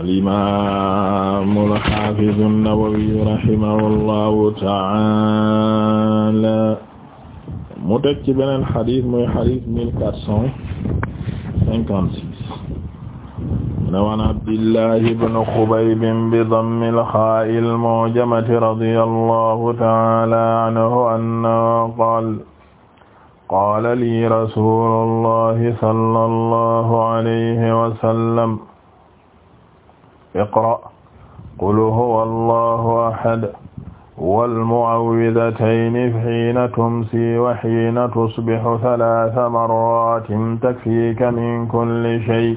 alimamu alxafidu nnawawiyu rahimahullahu taala mu teg ci beneen xadis muy xadis mille quatre cent cinquante six wan abdillahi bnu xubaybin bi dammi lxaa'i lmu'jamati radiya allahu taala anhu annahu qaala qaala lii rasulullahi sallallahu alayhi wa sallam iqra qul huwa allahu ahad wal mu'awwidatayni hiina tumsi wa hiina tusbihu thalaatha marratin takfiika min kulli shay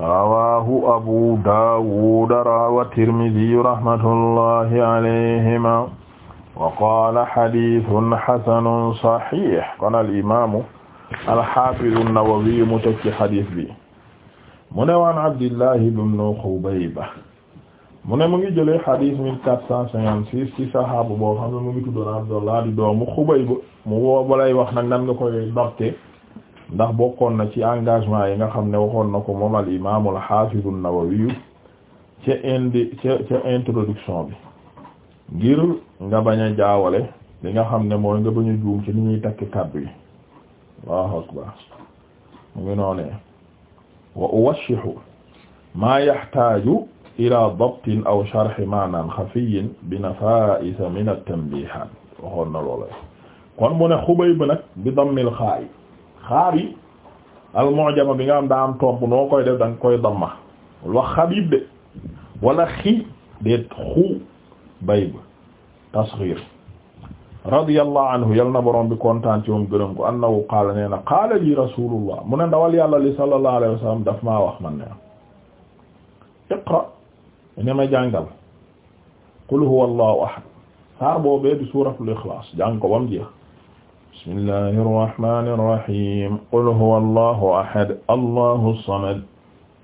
rawaahu abu daawud rawa tirmiziyu rahmatullahi alayhima wa qaala hadiisun hasanun sahiih kon al imaamu al haafidu nawawi mu tekki hadiis bi mu ne waan Abdillah ibn Xubayba mu ne mu ngi jëlee xadiis mille quatre cent cinquante six ci saxaabu boo xam ne mu ngi tuddoon Abdullah di doomu Xubayba mu woo ba wax nag nan nga koy dopte ndax bokkoon na ci engagement yi nga xam ne waxoon na ko moom al imaamul xaafidu Nawawi ca indi ca ca introduction bi ngir nga bañ jaawale li nga xam ne mooy nga bañ a juum ci ni ñuy takk kàddu yi Allahu akbar mu ngi noonee wa uwashihu maa yaxtaaju ila dabtin aw sharxi maanaan xafiyin bi nafaa'isa min at-tanbiihaat waxoon na loola kon mu ne Xubayb nag bi dammil xaa'i xaa'i al-mu'jama bi nga xam daa am tomb noo koy def da nga koy damma wax xabiib de wala xi déet xu bayb tasxiir radiyallahu anhu yal na borom bi kontaan ci moom gërëm ko annahu qaala nee na qaala li rasulullah mu ne ndawal yàlla li sallallahu alayhi wa sallam daf maa wax man ne iqra ne ma jàngal qul huwa allahu ahad saar boobee di suuratul ixlaas jàng ko bam jeex bismillahi arrahmani irrahim qul huwa allahu ahad allahu samad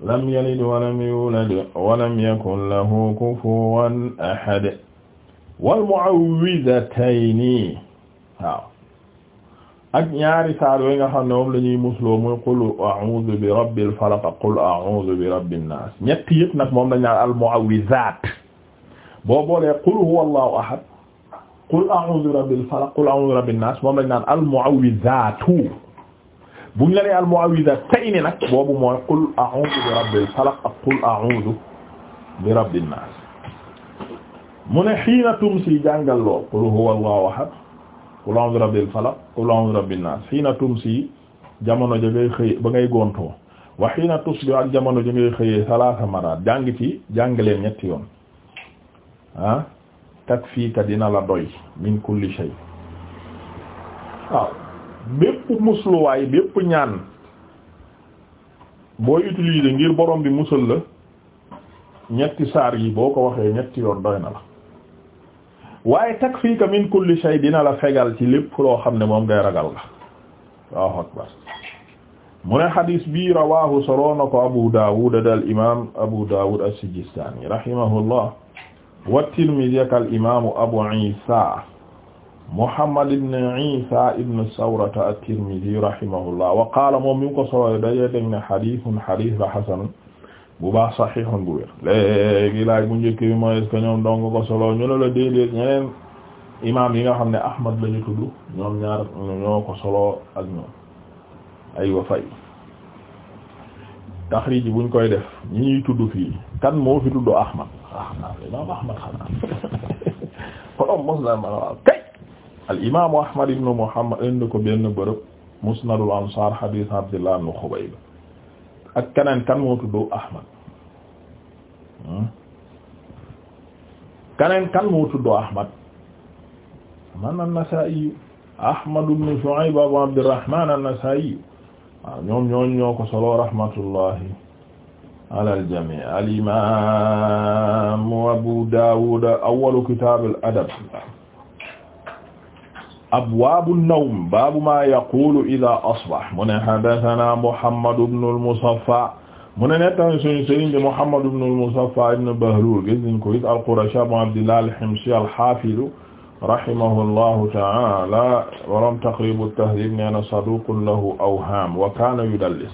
lam yalid walam yulad walam yakun lahu kufuwan ahad wal mu'awwidatayni waaw ak ñaari saar yooyu nga xam ne moom la ñuy musloo muy qul a'udhu bi rabbil falaq qul a'udhu bi rabbin nas ñett yëpp nag moom la ñaar al mu'awwizat boo boolee qul huwallahu ahad qul a'udhu rabbil falaq qul a'udhu rabbin nas moom lañ naan al mu'awwizatu buñ la nee al mu'awwizatayni nag boobu mooy qul a'udhu bi rabbil falaq ak qul a'udhu bi rabbin nas mu ne xiina tumsi jàngal loo qul huwa allahu ahad qul a'udhu bi rabbil falaq qul a'udhu bi rabbin nas si jamono ja ngay xëy ba ngay gontoo wa xiina tusbihu ak jamono ja ngay xëyee salaasa maraat jàng ci jàng leen ñetti yoon ah takfiika dina la doy min kulli shay waaw bépp musluwaay bépp ñaan booy utiliser ngir borom bi musal la ñetti saar yi boo ko waxee ñetti yoon doy na la waaye takfiika min kulli shay dina la fegal ci lépp loo xam ne moom ngay ragal la waaw akbar mu ne xadis bi rawahu soloo na ko Abu Dawud dal imam Abu Dawud as-Sijistani rahimahullah wa Tirmidhi kal imam Abu Isa Muhammad ibn Isa ibn Sawrata at-Tirmidhi rahimahullah wa qaala moom mi ngi ko soloyo daje dégg ne xadithun xadis la xasan bu baax saxiixun bu wér léegi laaj bu njëkk bi mooy est-ce ñoom dong ko solo ñu ne la déedéet ñeneen imaam yi nga xam ne Ahmad lañu tudd ñoom ñaar ñoo ko solo ak ñoom ay fay taxriij buñ koy def ñi ñuy tudd fii kan moo fi tudd Ahmad Ahmad imaam Ahmad xanaa xolom musnad ma waaw kay al imaamu Ahmad ibnu Muhammad indi ko benn bërëb musnadul ansaar xadiis Abdullah ibnu Xubayb ak keneen kan moo tudd Ahmad hmm? keneen kan moo tudd Ahmad man an-Nasaa'i Ahmad ibn Shu'ayb Abu Abdurrahman an-Nasaa'i waaw ah, ñoom ñooñu ñoo ko solo rahmatullahi ala al-jamii al-imaam Abu Daawud awwalu kitaab al-adab abwaabu nawm baabu maa yaqulu idaa asbaha mu ne haddasanaa Muhammad ibn al-Musaffaa mu ne nettali suñu sëriñ bi Muhammad ibn al-Musaffaa ibn Bahluul gis nañ ko it al-Qurashi Abu Abdillah al-Himsi al-Haafiz rahimahullahu ta'aala borom Taqriib at-Tahdhiib nee na saduuqun lahu awhaam wa kaana yudallis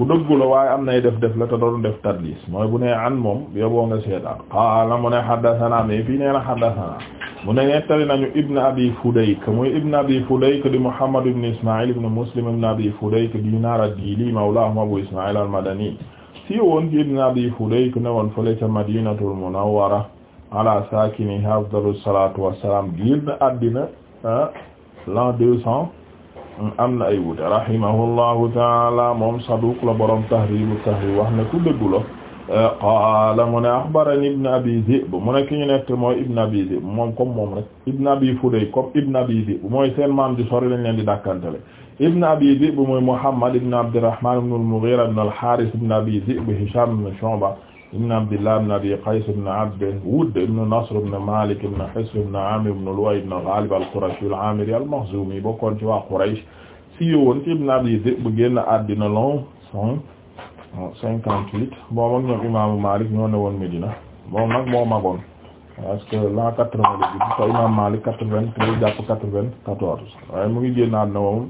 ku dëggu la waaye am nay def def la te doon def tadlis mooy bu nee an moom yoboo nga seetaan qaala mu ne haddasanaa mais fii nee na haddasanaa mu ne nettali nañu Ibn Abi Fudayk muy Ibn Abi Fudayk di Muhammad ibn Ismaïl ibn Muslim ibn Abi Fudayk Dinar ad-Dili mawlaahum Abu Ismaïl al-Madani si woon ci Ibn Abi Fudayk ne woon fële ca Madinatul Munawwara ala saakinihaa afdalu salaatu wa salaam génn àddina ah, l'an deux cent am na ay wute rahimahullahu taala moom saduq la borom Tahrib at-Tahrib wax ne ku dëggu la qaala mu ne axbarani ibn abi Zib mu ne ki ñu nekk mooy ibn abi Zib moom comme moom rek ibn abi Fudayk comme ibn abi Zib mooy seen maam di sori lañ leen di dàkkantele ibn abi Zib mooy Muhammad ibn Abdurrahman ibn al-Mughira ibn al-Harith ibn abi Zib Hisham ibn Shu'ba ibn Abdillah ibn abi Qays ibn Abd Wudd ibn Nasr ibn Malik ibn Hisn ibn Amir ibn Lu'ay ibn Ghalib al-Qurashi al-Amiri al-Makhzumi bokkoon ci waa Quraysh si yowoon ci ibn abi Zib génn àddina lon son cinquante huit moom ak ñoom imaamu Malik ñoo ne woon Medina moom nag moo magoon parce que l'an quatre-vingt-dix te imaamu Malik quatre-vingt-treize jàpp quatre-vingt-quatorze waaye mu ngi génnaat na moom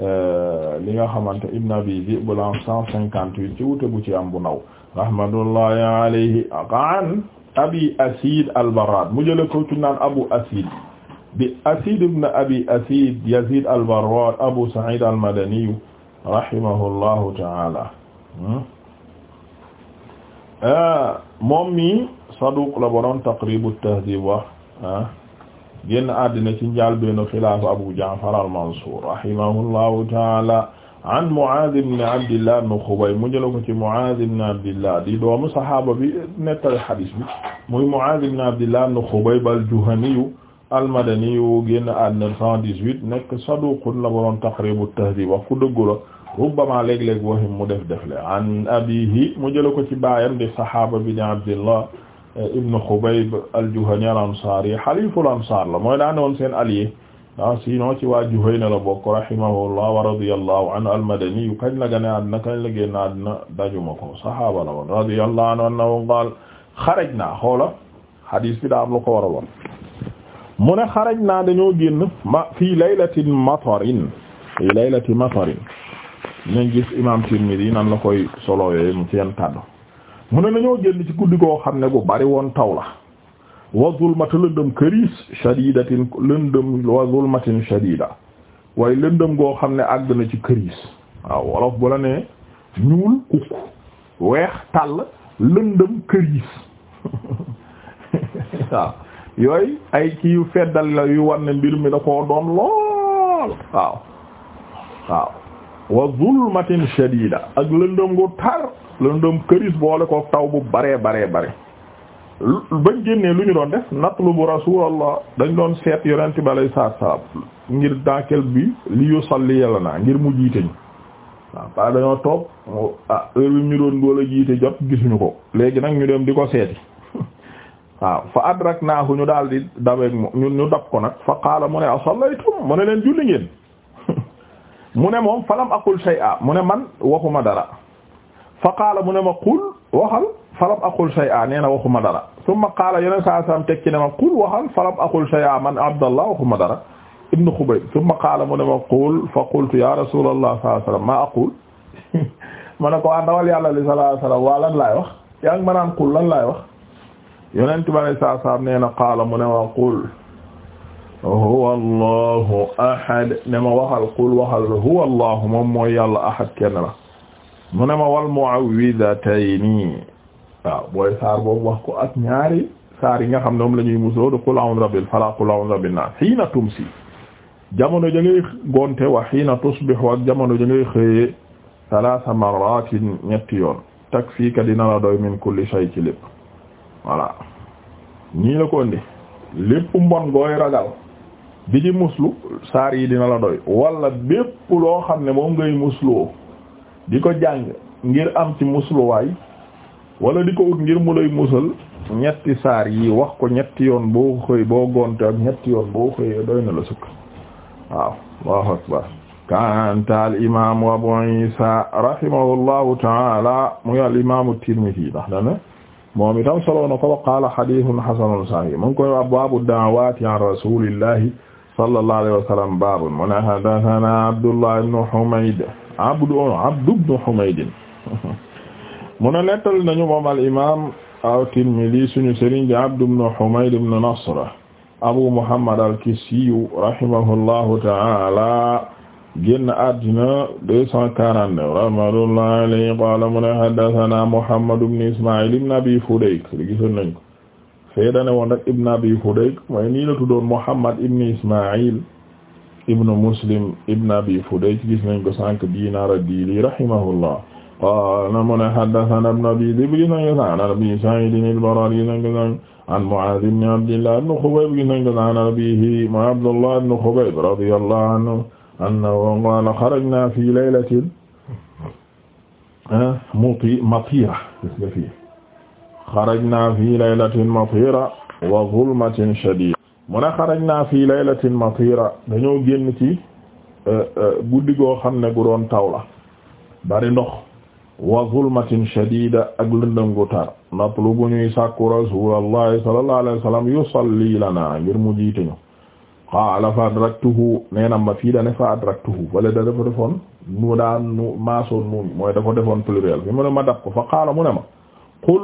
euh, li nga xamante Ibn Abi Dhi'b l'an cent cinquante huit ci wute bu ci am bu ndaw rahmatullahi alayhi an Abi Asid al-Barrad mu jële ko ci naan Abu Asid bi Asid ibn Abi Asid Yazid al-Barrad Abu Sa'id al-Madani rahimahullahu ta'ala Hmm? Ah, moom mi saduq la borom taqribu tahdib wax ah génn àddina ci njàlbéenu xilaafa Abu Ja'far al-Mansur rahimahullahu ta'ala an Mu'aaz ibn Abdillah ibn Xubayb mu jëla ko ci Mu'aaz ibn Abdillah di doomu saxaaba bi nettali xadiis bi muy Mu'aaz ibn Abdillah ibn Xubayb al-Juhaniyu al-Madaniyu génn àddina 118 nekk saduqun la borom taqribu tahdib wax ku dëggu la rubbama léeg-léeg wahim mu def defle an abihi mu jëla ko ci baayam di sahaaba bi di abdillah eh, ibnu Xubayb al-Juhani al-Ansaari xaliful ansaar la mooy daa newoon seen allié ah sinon ci waa Juhayna la bokk rahimahullah wa radiyallahu anhu al-Madani yu kañ la gane àddina kañ la génn àddina dajuma ko sahaaba la woon radiyallahu anhu annahu qaal xaraj naa xoola xadiis bi daa am lu ko war a woon mu ne xaraj naa dañoo génn ma fii laylatin matarin fii laylati matarin nañ gis mi Tirmidhi nan la koy solo yooyu mu ci yan kàddu mu génn ci guddi goo xam ne gu bari woon taw la wa zulmata lëndëm këriis shadidatin lëndëm wa zulmatin shadida waaye lëndëm goo xam ne àgg na ci këriis waaw wolof bu la ne ñuul kukk weex tàll lëndëm këriis waaw yooyu ay kii yu feddal la yu war ne mbir mi da koo doon lool waaw waaw wa zulmatin shadida ak lëndëm gu tar lëndëm këris boole ko taw bu baree baree bare bañ génnee lu ñu doon def natlubu rasulallah dañ doon seet yonent bi alay saat ngir dankel bi li yusalli yàlla naa ngir mu jiite ñu waaw pa dañoo toog ah heure ñu doon wala jiite jot gisuñu ko léegi nag ñu dem di ko seeti waaw fa adraknaahu ñu daal di daweeg mu ñu ñu dab ko nag fa qaala mu ne asallaytum mu ne leen julli ngeen mu ne moom falam aqul shay'a mu ne man waxuma dara fa qaala mu ne ma qul waxal falam aqul shay'a nee na waxuma dara summa qaala yeneen saa saam teg ci ne ma qul waxal falam aqul shay'a man abdallah waxuma dara ibnu xubayb summa qaala mu ne ma qul fa qultu ya rasulallah sallallahu alayhi wasallam ma aqul ma ne ko waa ah ndawal yàlla li sallallahu alayhi wasallam waa lan laay wax yaa ngi ma naan qul lan laay wax yonent bi sallallahu alayhi wasallam nee na qaala mu ne ma qul huwa allahu ahad ne ma waxal qul moom mooy yàlla ahad kenn la mu ne ma wal mu'awwidatayni waaw booy saar boobu wax ko ak ñaari saar yi nga xam ne moom la ñuy musoo de qul a'udhu rabbil falaq qul a'udhu rabbin nas hiina tumsi jamono ja ngay gonte wa hiina tusbihu ak jamono ja ngay xëyee thalatha marratin ñetti yoon takfiika dina la doy min kulli shay ci lépp voilà la ko indi lépp mbon gooy ragal bi ci muslu saar yi dina la doy wala bépp loo xam ne moom ngay musloo di ko jàng ngir am ci musluwaay wala di ko ut ngir mu lay musal ñetti saar yi wax ko ñetti yoon boo xëy boo gonte ak ñetti yoon boo xëyee doy na la sukk waaw allahu akbar kanta al imamu abu isa rahimahullahu taala muy al imamu tirmidhi ndax dane moom itam solo na ko wa qaala hadithun hasanun sahih mu ngi koy abwaabu da'awaati an rasulillahi sallallahu alayhi wa sallam baabun mu ne haddathana Abdullah ibn Humayd Abdu Abdu ibn Humayd mu ne nettali nañu moom al imaam at-Tirmidhi suñu sëriñ bi Abdu ibn Humayd ibn Nasr Abu Muhammad al-Kisiyu rahimahullahu ta'ala génn àddina deux cent quarante-neuf rahmatullahi alayhi qaala mu ne haddathana Muhammad ibn Isma'il ibn Abi Fudayk gisoon nañ ko fee dane woon rek ibn abi fudayk mooy nii la tuddoon muhammad ibn ismail ibn muslim ibn abi fudayk gis nañ ko sànq dinar ad-dili rahimahullah qala mu ne haddathana ibn abi dib gis nañ ko sànq an abi sa'id al-barari gis nañ ko sànq an mu'adh ibn abdillah ibn khubayb gis nañ ko sànq an abihi mu abdullah ibn khubayb radiyallahu anhu annahu qala kharajna fi laylatin ah, muti matira gis nga fii xarajna fi laylatin matira wa zulmatin shadid mu ne xarajna fi laylatin matira dañoo génn ci euh, euh, guddi goo xam ne gu doon taw la bari ndox wa zulmatin shadida ak lëndëm gu tar natlubu ñuy sàkku rasulallahi sallallahu alayhi wa sallam lana ngir mu jiite ñu qaala fa adraktuhu nee na ma fii fa adraktuhu wala da dafa defoon nu daan nu maasoon nuun mooy dafa pluriel fi mu ne ma dab fa qaala mu ne ma qul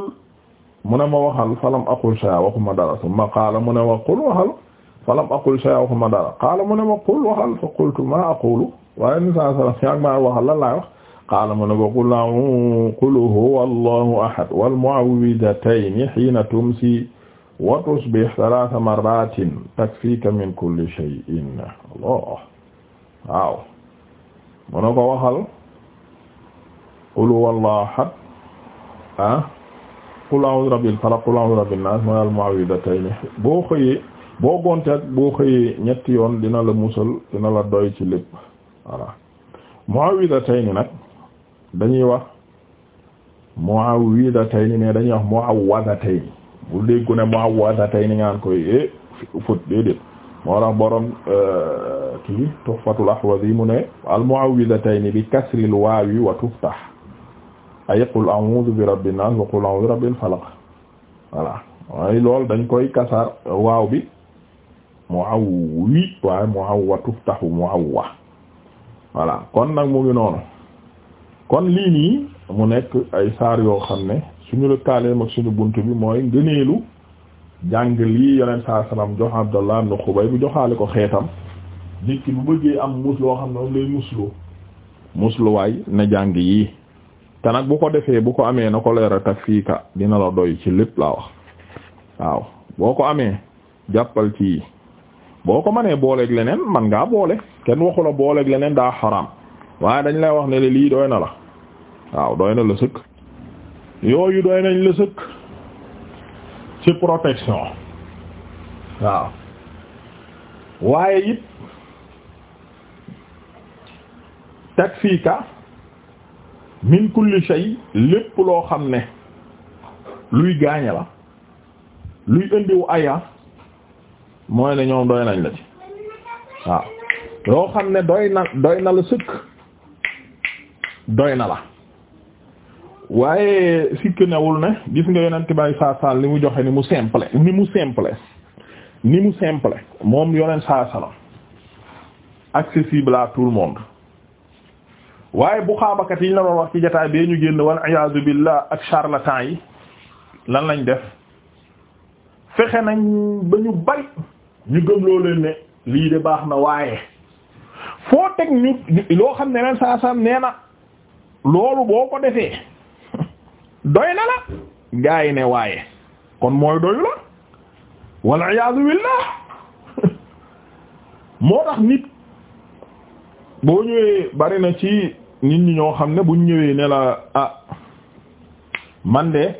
mu ne ma waxal falam aqul shay'a waxuma dara summa qaala mu ne ma qul waxal falam aqul shay'a waxuma dara qaala mu ne ma qul waxal fa qultu ma aqulu waaye ni saa sala yaag maa waxal lan laay wax qaala mu ne ma qul la qul huwa allahu ahad wal mu'awwidatayni hiina tumsi wa tusbih thalatha marratin takfika min kulli shay'in allah waaw mu ne ko waxal qul huwa allahu ahad ah qul a'udhu rabbil falaq qul a'udhu rabbin nas mooy al-mu'awwidhatayn boo xëyee boo gonte ak boo xëyee ñetti yoon dina la musal dina la doy ci lépp voilà mu'awwidhatayn nag dañuy wax mu'awwidhatayn mais dañuy wax mu'awwidhatayn bu déggu ne mu'awwidhatayn nga naan koy eh fut déedéet moo tax borom eh, kii tuhfatul ahwazi mu ne al-mu'awwidhatayn bi kasril waawi wa tuftah ay qul a'udhu bi rabbin nas wa qul bi rabbil falaq voilà waaye loolu dañ koy kasar waaw bi mu aw wi waaye mu aw wa tuftahu mu aw wa voilà kon nag mu ngi noonu kon lii nii mu nekk ay saar yoo xam ne suñu lëkkaaleem ak suñu bunt bi mooy ngëneelu jàng lii yonent saa salaam jox Abdallah ibn Xubayb bu joxaale ko xeetam nit ki bu bëggee am mus loo xam ne moom lay muslu musluwaay na jàng yii te nag bu ko defee bu ko amee na ko leera tag fii ka dina la doy ci lépp laa wax waaw boo ko amee jàppal ci boo ko manee booleeg leneen man ngaa boole kenn waxu la booleeg leneen daa xaraam waaye dañ lay wax ne le lii doy na la waaw doy na la sëkk yooyu doy nañ la ci protection waaw waaye it tag fii ka min kulli shay lépp loo xam ne luy gaañe la luy indiwu aya mooy ne ñoom doy nañ la ci waaw loo xam ne doy na doy na la sëkk doy na la waaye sikk newul ne gis nga yonent bay saa li mu joxe ni mu simple ni mu simple ni mu simple moom yonent saa salam accessible à tout le monde waaye bu xaabakat yi ñu la doon wax ci jotaay bee ñu génn wal iyaazu billah ak charlatan yi lan lañ def fexe nañ ba ñu bari ñu gëm loo leen ne lii de baax na waaye foo teg ñu loo xam ne ren saa saa nee na loolu boo ko defee doy na la gaa yi ne waaye kon mooy doyu la wal iyaazu billah moo tax nit boo ñëwee bari na ci. nit ñi ñoo xam ne buñ ñëwee ne la ah man de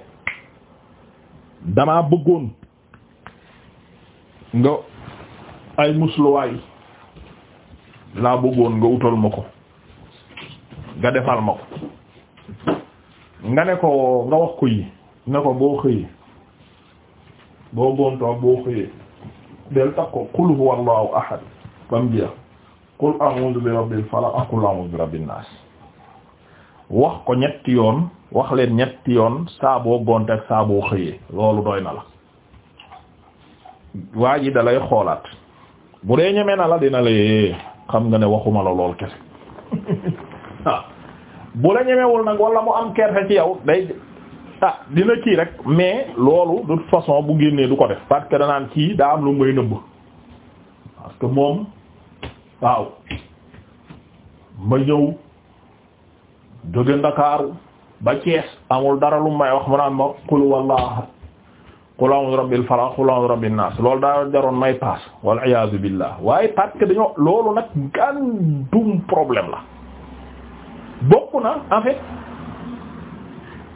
damaa bëggoon nga ay musluwaay laa bëggoon nga utal ma ko nga defal ma ko nga ne ko nga wax ko yi ne ko boo xëyee boo gontoo boo xëyee del takk ko qul huwallahu ahad bam jeex qul a'udhu bi rabbil falaq qul a'udhu bi rabbin nas wax ko ñetti yoon wax leen ñetti yoon saaboo gonte ak saaboo xëyee loolu doy na la waa ji dalay xoolaat bu dee ñeme na la dina la eh, xam nga ne waxuma la lool kese ah. bu la ñemewul nag wala mu am kersa ci yow day ah dina kii rek mais loolu de toute façon bu génnee du ko def parce que danaan kii daa am lu may nëbb parce moom waaw ma ñëw jóge ndakaaru ba Cees amul dara lu may wax mu naan ma qul wallah qul a'udhu rabbil falaq qul a'udhu rabbin nas loolu daa jaroon may paas wal iyaazu billah waaye parce que dañoo loolu nag gàndum problème la bokk na en fait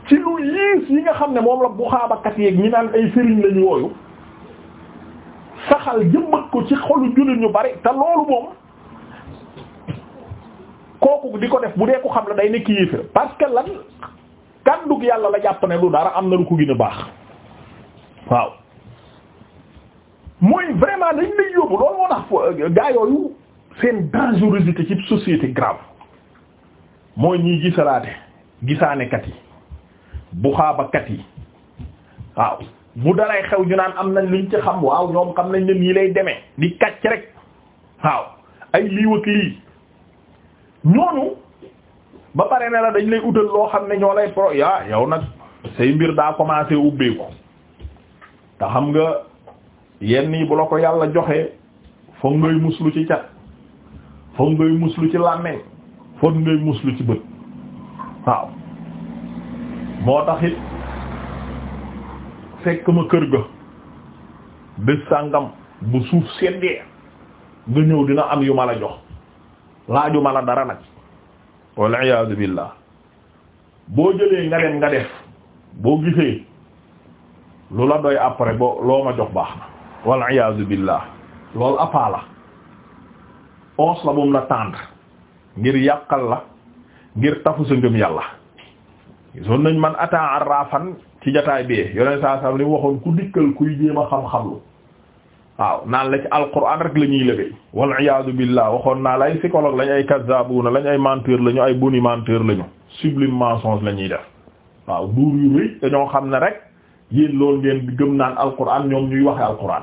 ci lu yiis yi nga xam ne moom la bu xaabakat yeeg ñi naan ay sëriñ lañu yooyu saxal jëmbat ko ci xolu jullit ñu bari te loolu moom kooku di ko def bu dee ko xam la day nekk yéefér parce que lan kàddug yàlla la jàpp ne lu dara am na lu ko gën a baax waaw mooy vraiment dañ lay yóbbu loolu moo tax gaa yooyu seen dangerosité ci société grave mooy ñiy gisalaate gisaanekat yi bu xaabakat yi waaw bu daray xew ñu naan am nañ luñ ci xam waaw ñoom xam nañ ne nii lay demee di kàcc rek waaw ay lii wak lii ñooñu ba pare na la dañ lay utal loo xam ne ñoo lay pro yaa yow nag say mbir daa commencé ubbeeku te xam nga yenn yi bu la ko yàlla joxee foog ngay muslu ci cat foog ngay muslu ci làmmeñ foog ngay muslu ci bët waaw moo tax it fekk ma kër ga bés sàngam bu suuf seddee nga ñëw dina am yu ma la jox laajuma la dara nag wal iyaadu billah boo jëlee nga dem nga def boo gisee lu la doy après boo loo ma jox baax na wal iyaadu billah loolu appaa la oos la moom la tendre ngir yàqal la ngir tafu sa ngëm yàlla gisoon nañ man ataa arrafan ci jataay bi yoneen saa saa li waxoon ku dikkal kuy jéem a xam-xamlu waaw naan la ci alquran rek la ñuy lëgéey wal iyaadu billah waxoon naa la ay psychologue lañ ay kazzabuna lañ ay menteur lañu ay boni menteur lañu sublime mensonge la ñuy def waaw duur yu rëy dañoo xam ne rek yéen loolu ngeen di gëm naan alquran ñoom ñuy waxe alquran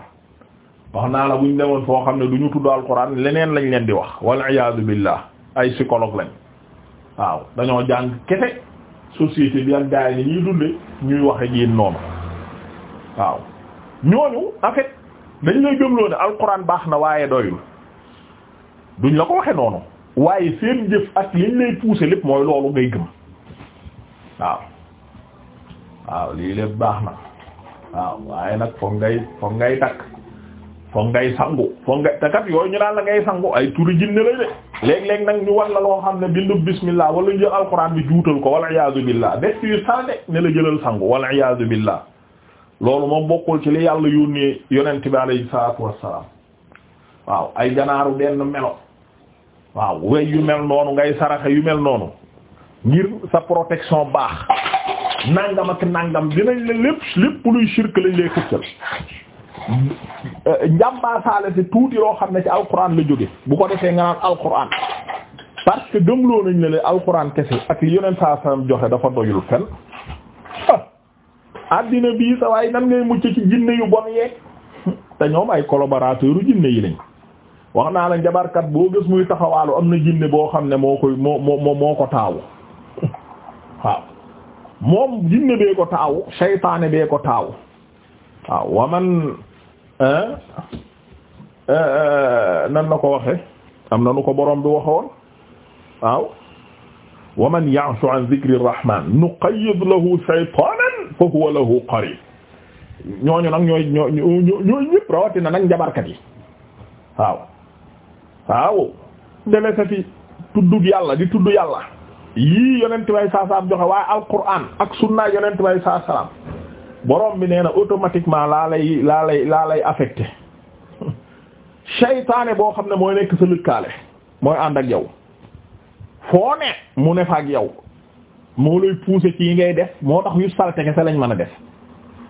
wax naa la bu ñu demoon foo xam ne du ñu tudd alquran leneen lañ leen di wax wal iyaadu billah ay psychologue lañ waaw dañoo jàng kese société bi ak gaay yi ñuy dunde ñuy waxe dañ lay gëmloo ne alquran baax na waaye doyul duñ la ko waxe noonu waaye seen jëf ak liñ lay pousser lépp mooy loolu ngay gëm waaw waaw lii lépp baax na waaw waaye nag foog ngay foog ngay takk foog ngay sangu foog nga te kat yooyu ñu naan la ngay sangu ay turi jinne lay de léeg-léeg nag ñu wax la loo xam ne bindu bismillah wala ñu jël alquran bi juutal ko wala iyaazu billah def yu sànne ne la jëlal sangu wala iyaazu billah loolu moom bokkul ci li yàlla yónnee yonent bi alayhi salaatu wassalaam waaw ay janaaru benn melo waaw way yu mel noonu ngay saraxe yu mel noonu ngir sa protection baax nangam ak nangam dinañ la lépp lépp luy shirk lañ lay xëccal euh, njàmbaasaale si tuuti loo xam ne ci alquran la jóge bu ko defee nga naan alquran parce que gëmloo nañ ne le alquran kese ak li yonent saa joxe dafa doyul fen àddina bi sa waay nan ngay mucc ci jinne yu bon yeeg te ñoom ay collaborateur u jinne yi lañ wax naa la njabarkat boo gis muy taxawaalu am na jinne boo xam ne moo koy moo moo moo ko taawu waaw moom jinne bee ko taawu seytaane bee ko taawu waaw waman nan la ko waxe am na nu ko borom bi waxoon waaw waman ya'shu an dhikri rahman nuqayyid lahu shaytaana fa huwa lahu qarin ñooñu nag ñooy ñoo ñooy ñëpp rawatina nag njabarkat yi waaw waaw deme sa fi tuddug yàlla di tudd yàlla yii yonent bay saa salaam joxe waaye alquran ak sunna yonent bay saa salaam borom bi nee na automatiquement laa lay laa lay laa lay affecté boo xam ne mooy nekk sa lëkkaale mooy ànd ak yow foo ne mu ne ak yow moo lay pousser ci yi ngay def moo tax yu salte kese lañ mën a def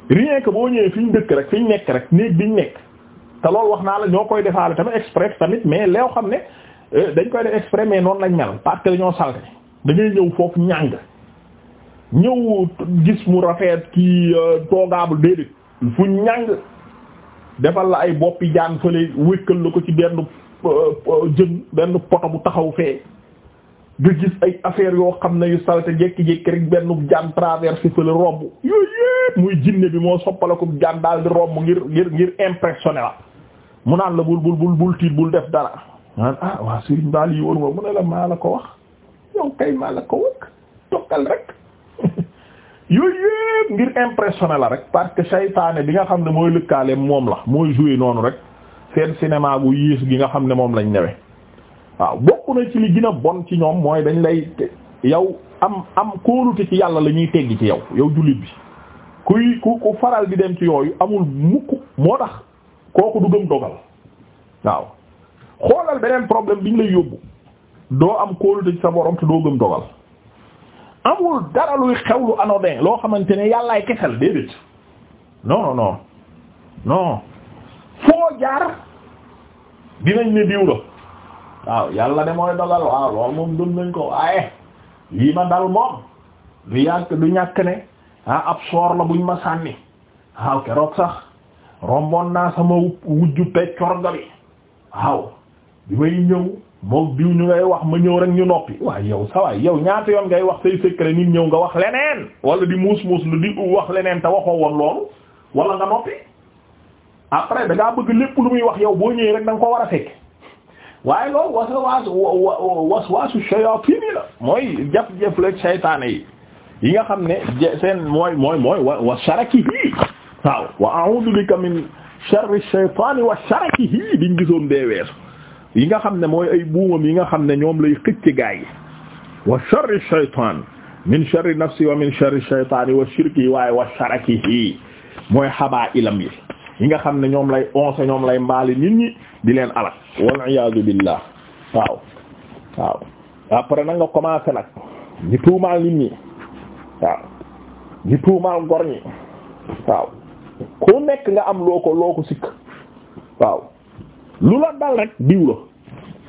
rien que boo ñëwee fi ñu dëkk rek fi ñu nekk rek néeg bi ñu nekk te loolu wax naa la ñoo koy defaale tamit exprès tamit mais leew xam ne euh, dañ koy def exprès mais noonu lañ mel parce que dañoo salte da ñëw foofu ñàng ñëw gis mu rafet kii euh, toogaabul déedéet fu ñàng defal la ay boppi jaan fële wékkal la ko ci benn euh, jën benn poto bu taxaw fee nga gis ay affaire yoo xam ne yu salte jékki-jékki rek benn jaan traversé fële romb yooyu yëpp muy jinne bi moo soppalaku jaan daal di romb ngir ngir ngir la mu naan la bul bul bul bul bul def dara naan ah, la ko wax yow kay maa la ko wax tokkal rek yooyu yëpp ngir impressionné la rek parce que saytaane bi nga xam ne mooy lëkkaaleem moom la mooy joué noonu rek seen cinéma bu yiis gi nga xam ne moom lañ ñëwee. waaw bokk na ci li gën bon ci ñoom mooy dañ lay yow am am kóolute ci yàlla la ñuy teggi ci yow yow jullit bi kuy ku ku faral di dem ci yooyu amul mukk moo tax kooku du gëm dogal waaw xoolal beneen problème bi ñu lay yóbbu doo am kóolute ci sa borom te doo gëm dogal amul dara luy xewlu anodin loo xamante ne yàllaay kesel déedéet non non foo jaar dinañ ne diw waaw yàlla de mooy dogal waaw loolu moom gëm nañ ko waaye lii ma dal moom du yàgg du ñàkk ne ah, ab soor la buñ ma sànni waaw keroog sax romboon naa sama wujju peccorga bi waaw bi may ñëw moom di ñu ngay wax ma ñëw rek ñu noppi waaw yow sa waay yow ñaata yoon ngay wax say secret nit ñëw nga wax leneen wala di muus muus lu di wax leneen te waxoo woon loolu wala nga noppi après da ngaa bëgg lépp lu muy wax yow boo ñëwee rek da ko war a fekk waaye loolu wasawaasu waswaasu shayaatiin la mooy jaf-jaf la seytaane yi yi nga xam ne seen mooy mooy mooy wa wa sharakihi waaw wa a'uudu bika min sharri shaytaani wa sharakihi biñ gisoon bee weesu yi nga xam ne mooy ay buumam yi nga xam ne ñoom lay xëcc gaa yi wa sharri shaytaan min sharri nafsi wa min sharri shaytaani wa shirki waaye wa sharakihi mooy xabaa ilam yi yi nga xam ne ñoom lay onse ñoom lay mbaali nit ñi di leen alak wal iyaadu billah waaw waaw après nag nga commencé nag di tuumaal nit ñi waaw di tuumaal gor ñi waaw ku nekk nga am loo ko loo ko sikk waaw lu la dal rek diw la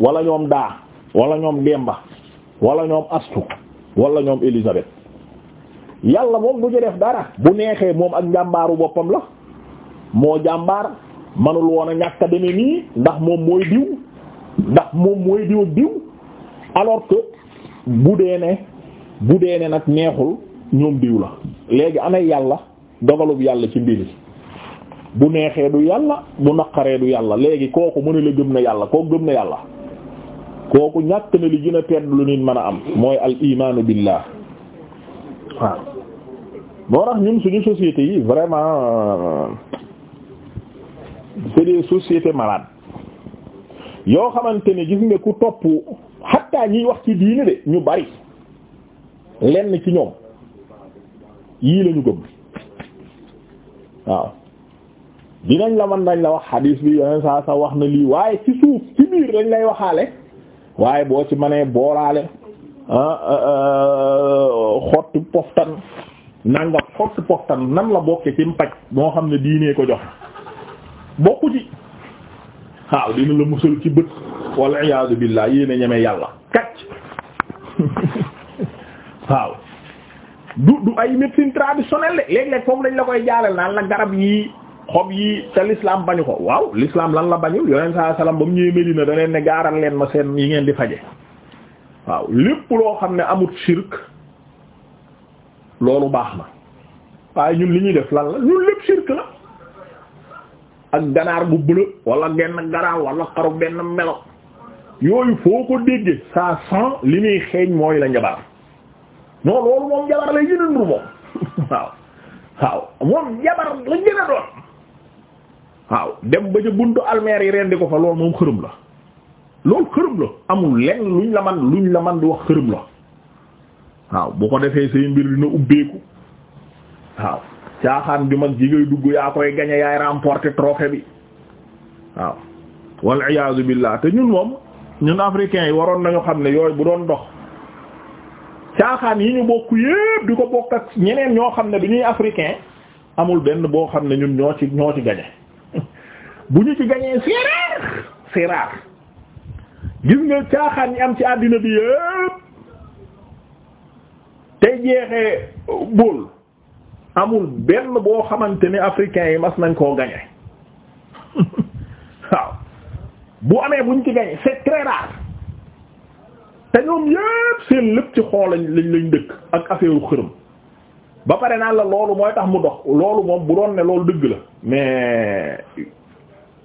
wala ñoom daa wala ñoom demba wala ñoom astu wala ñoom Elisabeth yàlla moom du ci def dara bu neexee moom ak njàmbaaru boppam la moo jàmbaar manul woon a ñàkk a nii ndax moom mooy diw ndax moom mooy diw ak diw alors que bu dee ne bu dee ne nag neexul ñoom diw la léegi ana yàlla dogalub yàlla ci mbiri bu neexee du yàlla bu naqaree du yàlla léegi kooku mu ne la gëm na yàlla kooku gëm na yàlla kooku ñàkk na li gën a tedd lu nit mën a am mooy al imaanu billah waaw moo tax ñun suñu société yi vraiment c'est des sociétés malades yoo xamante ne gis nga ku topp xatta ñiy wax ci diine de ñu bari lenn ci ñoom yii lañu gëm waaw dinañ la man dañ la wax xadiis bi yeneen saa sa wax na lii waaye ci suuf ci biir lañ lay waxaale waaye boo ci manee boolaale ah, euh, xotti poftan nangam xotti poftan nan la bokke ci mpaj moo xam ne diinee ko jox bokku ci waaw dina la musal ci bët wal iyaadu billaah yéena ñeme yàlla kacc waaw du du ay médecine traditionnelle léeg-léeg foofu lañ la koy jaaral naan la garab yi xob yi te l'islam bañu ko waaw l'islam lan la bañul yoneen saa salaam ba mu ñëwee Medina da leen ne gaaral leen ma seen yi ngeen di faje waaw lépp loo xam ne amut shirk loolu baax na waaye ñun li ñuy def lan la ñun lépp shirk la ak ganaar bu bleu wala genn ganaar wala xaru benn melo yooyu foo ko dégge ça sent li muy xeeñ mooy la njabar non loolu moom jabar lay gën a moom waaw waaw moom jabar la gën doon waaw dem ba ca buntu almeer yi rendi ko fa loolu moom xërëm la loolu xërëm la amul lenn luñ la man luñ la man di wax xërëm la waaw bu ko defee say mbir dina ubbeeku waaw caaxaan ju mag ji ngay dugg yaa koy gañe yaay remporter trophée bi waaw wal iyaazu billah te ñun moom ñun africains yi waroon nañu xam ne yooyu bu doon dox caaxaan yi ñu bokk yépp di ko bokk ak ñeneen ñoo xam ne du ñuy africain amul benn boo xam ne ñun ñoo ci ñoo ci gañe bu ñu ci gañee c'est rare gis nga caaxaan yi am ci àddina bi yépp tey jeexee bool amul benn boo xamante ni africain yi mas nañ koo gagné waaw bu amee buñ ci gagné c'est te ñoom yépp seen lépp ci xool lañ lañ dëkk ak affaire xërëm ba pare naa la loolu mooy tax mu dox loolu moom bu doon ne loolu dëgg la mais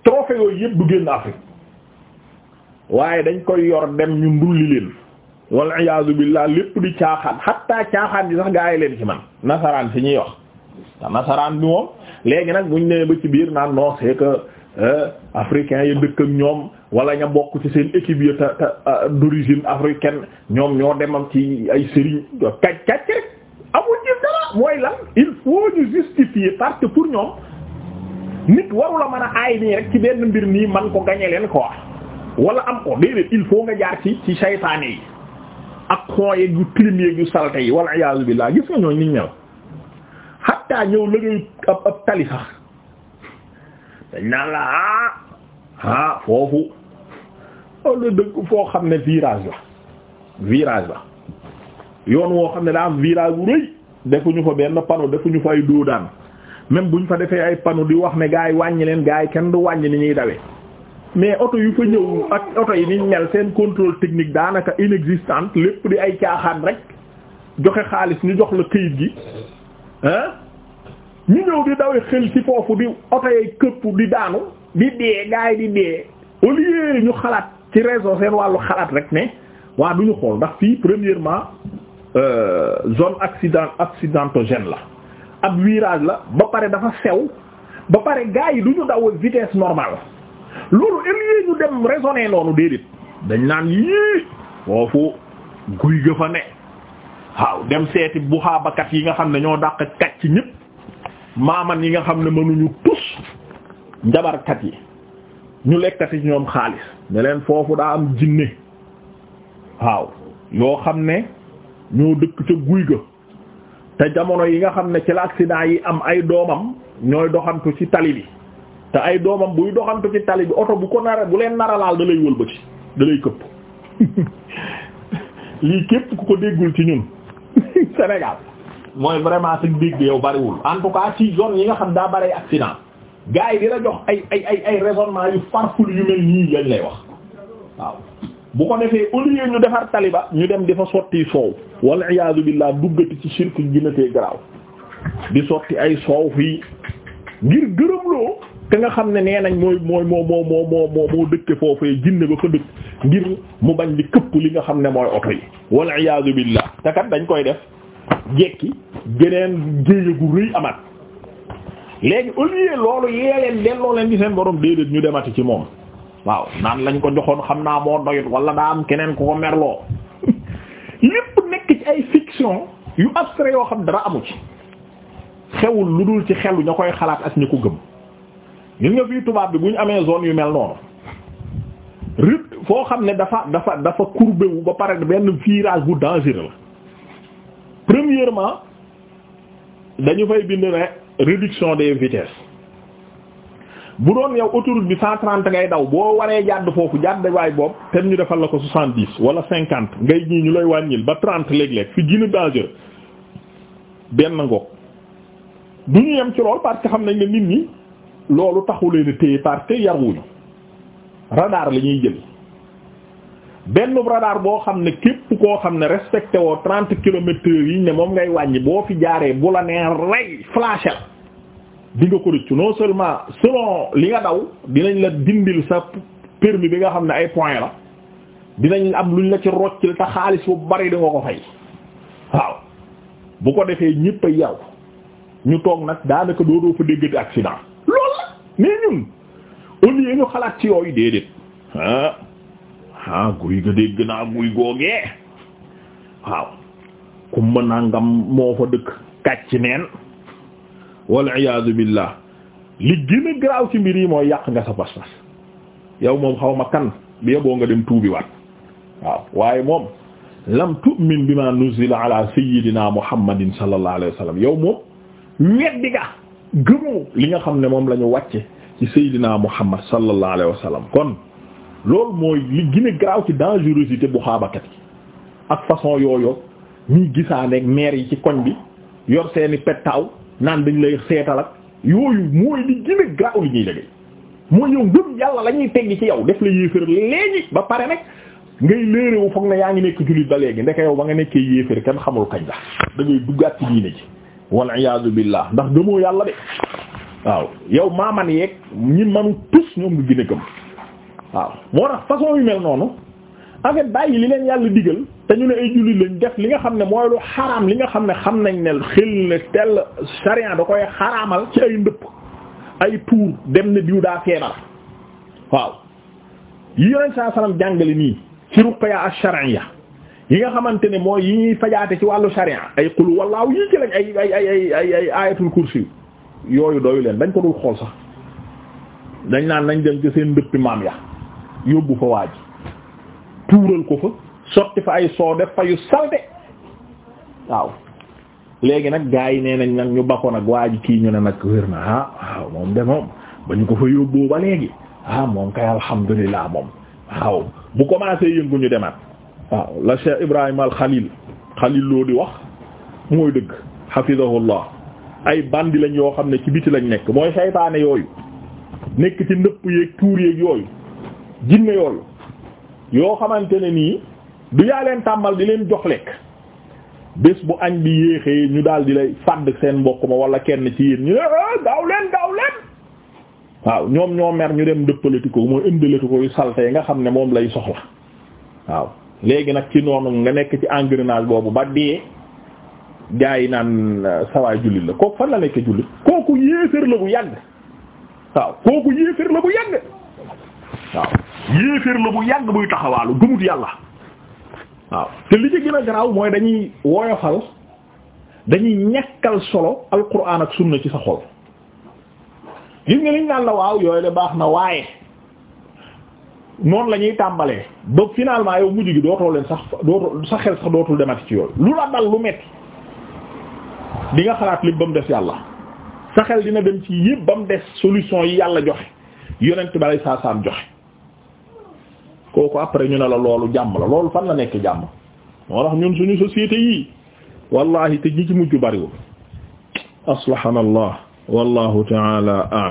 trophée yooyu yépp du génn Afrique waaye dañ koy yor dem ñu ndulli leen wal iyaazu billaah lépp di caaxaan xattaa caaxaan ji sax gaa yi leen ci man nasaraan si ñuy wax te nasaraan bi moom léegi nag buñ nee ba ci biir naan non c'est que euh, africain yi dëkk ak ñoom wala ña bokk ci seen équipe yi te te euh, d'origine africaine ñoom ñoo demam ci ay sëriñ kaj kaj rek amul ci dara mooy lan il faut ñu justifier parce que pour ñoom nit waru la a aay nii rek ci benn mbir nii man ko gañe leen quoi wala am ko déedéet il faut nga jaar ci ci saytaane yi ak xooyeeg yu tilim yeeg yu salte yi wala iyaazu billah gis nga ñooñu xattaa ñëw liggéey ab ab tali sax dañ naan la ah ah foofu walla oh, dëkk foo xam ne virage la virage la yoon woo xam ne daa am virage bu rëy defuñu fa benn panneau ñu fa ay doodaan même buñ fa defee ay panneau di wax ne gaa yi wàññi leen gaa yi kenn du wàññi ni ñuy dawee mais oto yu fa ñëw ak oto yi niñ mel seen contrôle technique daanaka inexistante lépp di ay caaxaan rek joxe xaalis ñu jox la këyit gi ah ñu ñëw di dawe xel ci foofu di oto yi këpp di daanu di dee gaay di dee au lieu ñu xalaat ci raison seen wàllu xalaat rek ne waa du ñu xool ndax fii premièrement euh, zone accident accidentogène la ab virage la ba pare dafa sew ba pare gaay yi du ñu daw vitesse normale loolu au lieu ñu dem raisonner noonu déedéet dañ naan yii foofu guy ga fa ne waaw dem seeti buxaabakat yi nga xam ne ñoo dàq ci ñépp maaman yi nga xam ne mënuñu tus njabarkat yi ñu lekkati ñoom xaalis ne foofu daa am jinne waaw yoo xam ne ñoo dëkk ca guy ga te jamono yi nga xam ne ci la accident yi am ay doomam ñooy doxantu ci tali bi te ay doomam buy doxantu ci tali bi oto bu ko nara bu leen naralaal da lay wëlbati da lay këpp lii képp ku ko déggul ci ñun Sénégal mooy vraiment sa dégg yow bariwul en tout cas ci zone yi nga xam daa bari accident gars yi di la jox ay ay ay ay raisonnement yu farful yu mel nii lañ lay wax waaw bu ko defee au ñu defar taliba ñu dem di fa sotti soow wal iyaadu billaah duggati ci sirk ginatee garaaw di sotti ay soow fii ngir gërëmloo te nga xam ne nee nañ mooy mooy moo moo moo moo moo moo dëkke foofee jinne ba fa dëkk ngir mu bañ bi këpp li nga xam ne mooy oto yi wal iyaadu billaah te dañ koy def jekki geneen jéeya gu rëy amaat léegi au lieu loolu yee leen delloo leen ci seen borom déedéet ñu demati ci moom waaw naan lañ ko joxoon xam naa moo doyut wala daa am keneen ku ko merloo lépp nekk ci ay fiction yu abstrait yoo xam dara amu ci xewul lu dul ci xelu ña koy xalaat ak ña ko gëm gis nga fii tubaab bi bu ñu amee zone yu mel noonu rut foo xam ne dafa dafa dafa courbé wu ba pare benn virage bu dangereux la premièrement dañu fay bind ne réduction des vitesses bu doon yow autoroute bi cent trente ngay daw boo waree jàdd foofu jàdd waay boobu te ñu defal la ko soixante dix wala cinquante ngay ñii ñu lay wàññil ba trente léeg-léeg fi gën a danger benn ngoog du ñu yem ci lool parce que xam nañ ne nit ñi loolu taxu leen a téye parce que radar la ñuy jël. benn radar boo xam ne képp koo xam ne respecté woo trente kilomètres yi ne moom ngay wàññi boo fi jaaree bu la nee rey flashé la di nga ko rëccu non seulement selon li nga daw dinañ la dindil sa permis bi nga xam ne ay points la dinañ am luñ la ci rocc la te xaalis bu bari di nga ko fay waaw bu ko defee ñëpp a yaw ñu toog nag daanaka doodoo fa déggati accident loolu la mais ñun au lieu ñu xalaat ci yooyu déedéet ah ah guy ga dégg naa guy googee waaw kumba nangam moo fa dëkk kàcc neen wal iyaazu billah li gën a ci mbir yi mooy yàq nga sa pas-pas yow moom xaw ma kan bi yeboo nga dem tuubi waat waaw waaye moom lam tu'min bima nuzila ala sayyidina muhammadin sallallahu alayhi wa sallam yow moom weddi nga gëmoo li nga xam ne moom lañu ñu wàcce ci sayyidina muhammad sallallahu alayhi wa sallam kon loolu mooy li gën a garaaw ci dangerosité bu xaabakat yi ak façon yooyu ñuy gisaaneeg maire yi ci koñ bi yor seeni pettaaw naan dañ lay seetal ak yooyu mooy li gën a garaaw li ñuy liggéey mooy yow ngëm yàlla la ñuy teggi ci yow def la yéeféer léegi ba pare nag ngay léeréwu foog na yaa ngi nekk jullit ba léegi ndeke yow ba nga nekkee yéeféer kenn xamul kañ la da duggaat ci diine ji wal iyaazu billah ndax gëmoo yàlla de waaw yow maaman yeeg ñi manu tus ñoom waaw moo tax façon yu mel noonu en fait bàyyi li leen yàlla digal te ñu ne ay jullit lañ def li nga xam ne mooy lu xaraam li nga xam ne xam nañ ne xil ne tel sharia da koy xaraamal ci ay ndëpp ay tuur dem ne diw daa feebar waaw yi yonent saa nii ci ruqya ash-shar'iyya yi nga xamante ne mooy yi ñuy fajaate ci wàllu sharia ay qul wallaahu ay ay ay ay ay ayatul kursi yooyu dooyu leen dañ ko dul xool sax dañ naan nañ dem ci seen ndëppi maam ya yóbbu fa waa ji tuural ko fa sotti fa ay soo def fa yu salte waaw léegi nag gaa yi nee nañ nag ñu bako nag waaj kii ñu ne nag wér na ah waaw moom de moom ba ñu ko fa yóbboo ba léegi ah moom kay alhamdulilah moom waaw bu commencé yëngu ñu demaat waaw la Cheikh Ibrahima al Khalil Khalil loo di wax mooy dëgg hafizahullah ay bandi lañ yoo xam ne ci biti lañ nekk mooy saytaane yooyu nekk ci ndëpp yeeg tuur yeeg yooyu jinne yooyu yoo xamante ne nii du yaa leen tàmmal di leen jox lekk bés bu añ bi yéexee ñu daal di lay fàdd seen mbokk ma wala kenn ci yéen ñu ne daaw ah, leen daaw leen waaw ñoom ñoo mer ñu dem dëppalati ko ko yu nga xam ne moom lay soxla waaw léegi nag ci noonu nga nekk ci engrenage boobu ba dee gaa yi naan ah, sawaay jullit la kooku fan la nekk jullit kooku yéeféer la bu yàgg waaw kooku yéeféer la bu yàgg waaw yéeféer la bu yàgg buy taxawaalu gëmut yàlla waaw te li ci gën a garaaw mooy dañuy woyofal dañuy ñàkkal solo alquran ak na ci sa xol gis nga liñ naan la waaw yooyu de baax na waaye noonu lañuy tàmbalee ba finalement yow mujj gi dootoo leen sax dootoo sa xel sax dootul demati ci yooyu lu la dal lu metti di nga xalaat lépp ba mu des yàlla sa xel dina dem ci yépp ba mu des solution yi yàlla joxe yonent bi saa saam joxe kooku après ñu ne la loolu jàmm la loolu fan la nekk jàmm moo tax ñun suñu société yi wallahi te ñi ci mujj bariwul aslahana allah wallahu taala